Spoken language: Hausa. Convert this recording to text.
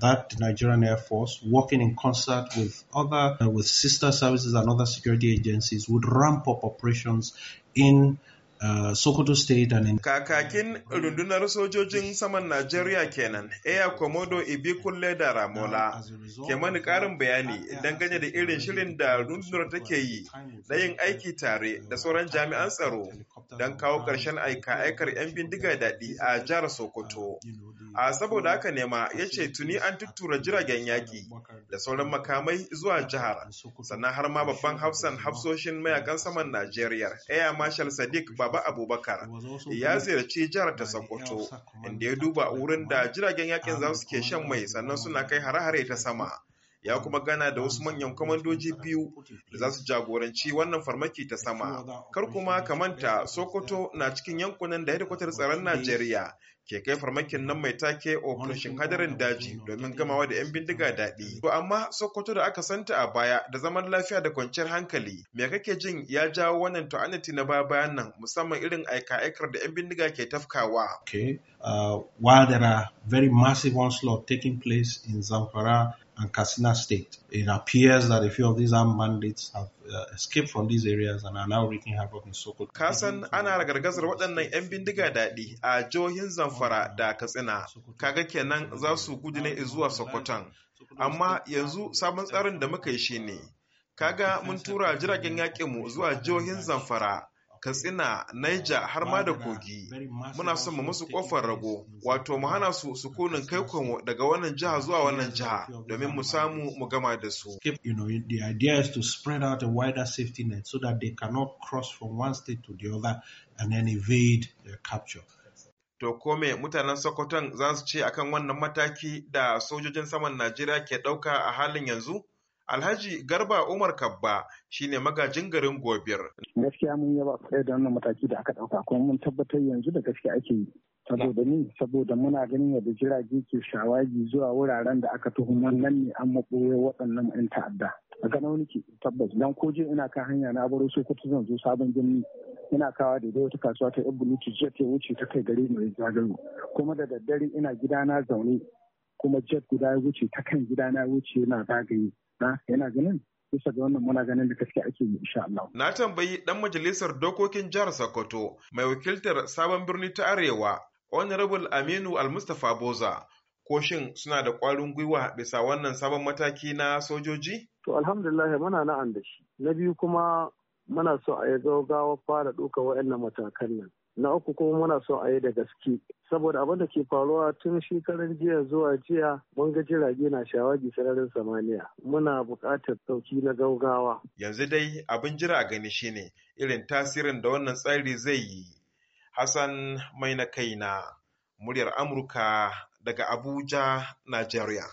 that Nigerian Air Force, working in concert with other, uh, with sister services and other security agencies, would ramp up operations in Sokoto State and Kakakin rundunar sojojin saman Najeriya kenan, Air Komodo Ibikulle da Ramola, ke mani ƙarin bayani dangane da irin shirin da rundunar take yi na yin aiki tare da sauran jami'an tsaro don kawo ƙarshen aika-aikar 'yan bindiga daɗi a jihar Sokoto. Uh, a saboda haka nema ya ce tuni an tuttura jiragen yaƙi da sauran makamai zuwa jihar, sannan har ma babban hafsan hafsoshin mayakan saman Najeriya, Air Marshal Sadiq Baba Abubakar ya ziyarci jihar ta Sokoto inda ya duba wurin da jiragen yakin za su ke shan mai sannan suna kai hare-hare ta sama ya kuma gana da wasu manyan kwamandoji biyu da za su jagoranci wannan farmaki ta sama kar kuma kamanta sokoto na cikin yankunan da hedikwatar tsaron najeriya ke kai farmakin nan mai take operation hadarin daji domin gamawa da 'yan bindiga daɗi to amma sokoto da aka santa a baya da zaman lafiya da kwanciyar hankali me kake jin ya jawo wannan ta'anati na baya bayan nan musamman irin aika-aikar da 'yan bindiga ke tafkawa okay. uh, while there are very massive onslaught taking place in zamfara and Katsina State. It appears that a few of these armed bandits have uh, escaped from these areas and are now wreaking havoc in Sokoto. Kasan ana gargazar waɗannan 'yan bindiga daɗi a jihohin Zamfara da Katsina, kaga kenan za su gudu ne zuwa Sokoton. Amma yanzu sabon tsarin da muka yi shi ne, kaga mun tura jiragen yaƙinmu zuwa jihohin Zamfara Katsina, naija har ma da Kogi. Muna son mu musu kofar rago, wato mu hana su sukunin kai komo daga wannan jiha zuwa wannan jiha domin mu samu mu gama da su. the idea is to spread out a wider safety net so that they cannot cross from one state to the other and then evade their capture. To kome mutanen Sokoton za su ce akan wannan mataki da sojojin saman Najeriya ke ɗauka a halin yanzu? Alhaji Garba Umar Kabba shine magajin garin Gobir. Gaskiya mun yaba kwarai da wannan mataki da aka ɗauka kuma mun tabbatar yanzu da gaskiya ake yi. Saboda ni saboda muna ganin yadda jirage ke shawagi zuwa wuraren da aka tuhumar nan ne an maɓoye waɗannan 'yan ta'adda. A gano wani ke tabbas dan ko je ina kan hanya na baro Sokoto zan zo sabon jini ina kawa da wata kasuwa ta yan bulutu jiya ta wuce ta kai gari mai zagayo kuma da daddare ina gidana zaune kuma jet guda ya wuce ta kan gidana wuce yana zagaye yana ganin bisa ga wannan muna ganin da gaske ake yi insha Allah. Na tambayi dan majalisar dokokin jihar Sokoto mai wakiltar sabon birni ta Arewa Honorable Aminu al Boza ko shin suna da ƙwarin gwiwa bisa wannan sabon mataki na sojoji? To alhamdulillah muna na'an da shi. Na biyu kuma muna so a yi gaugawa fara duka waɗannan matakan nan na uku kuma muna so a yi da gaske saboda abin da ke faruwa tun shekaran jiya zuwa jiya mun ga jirage na shawagi sararin samaniya muna buƙatar sauki na gaugawa yanzu dai abin jira a gani shine irin tasirin da wannan tsari zai yi hassan mai na kai na muryar amurka daga abuja nigeria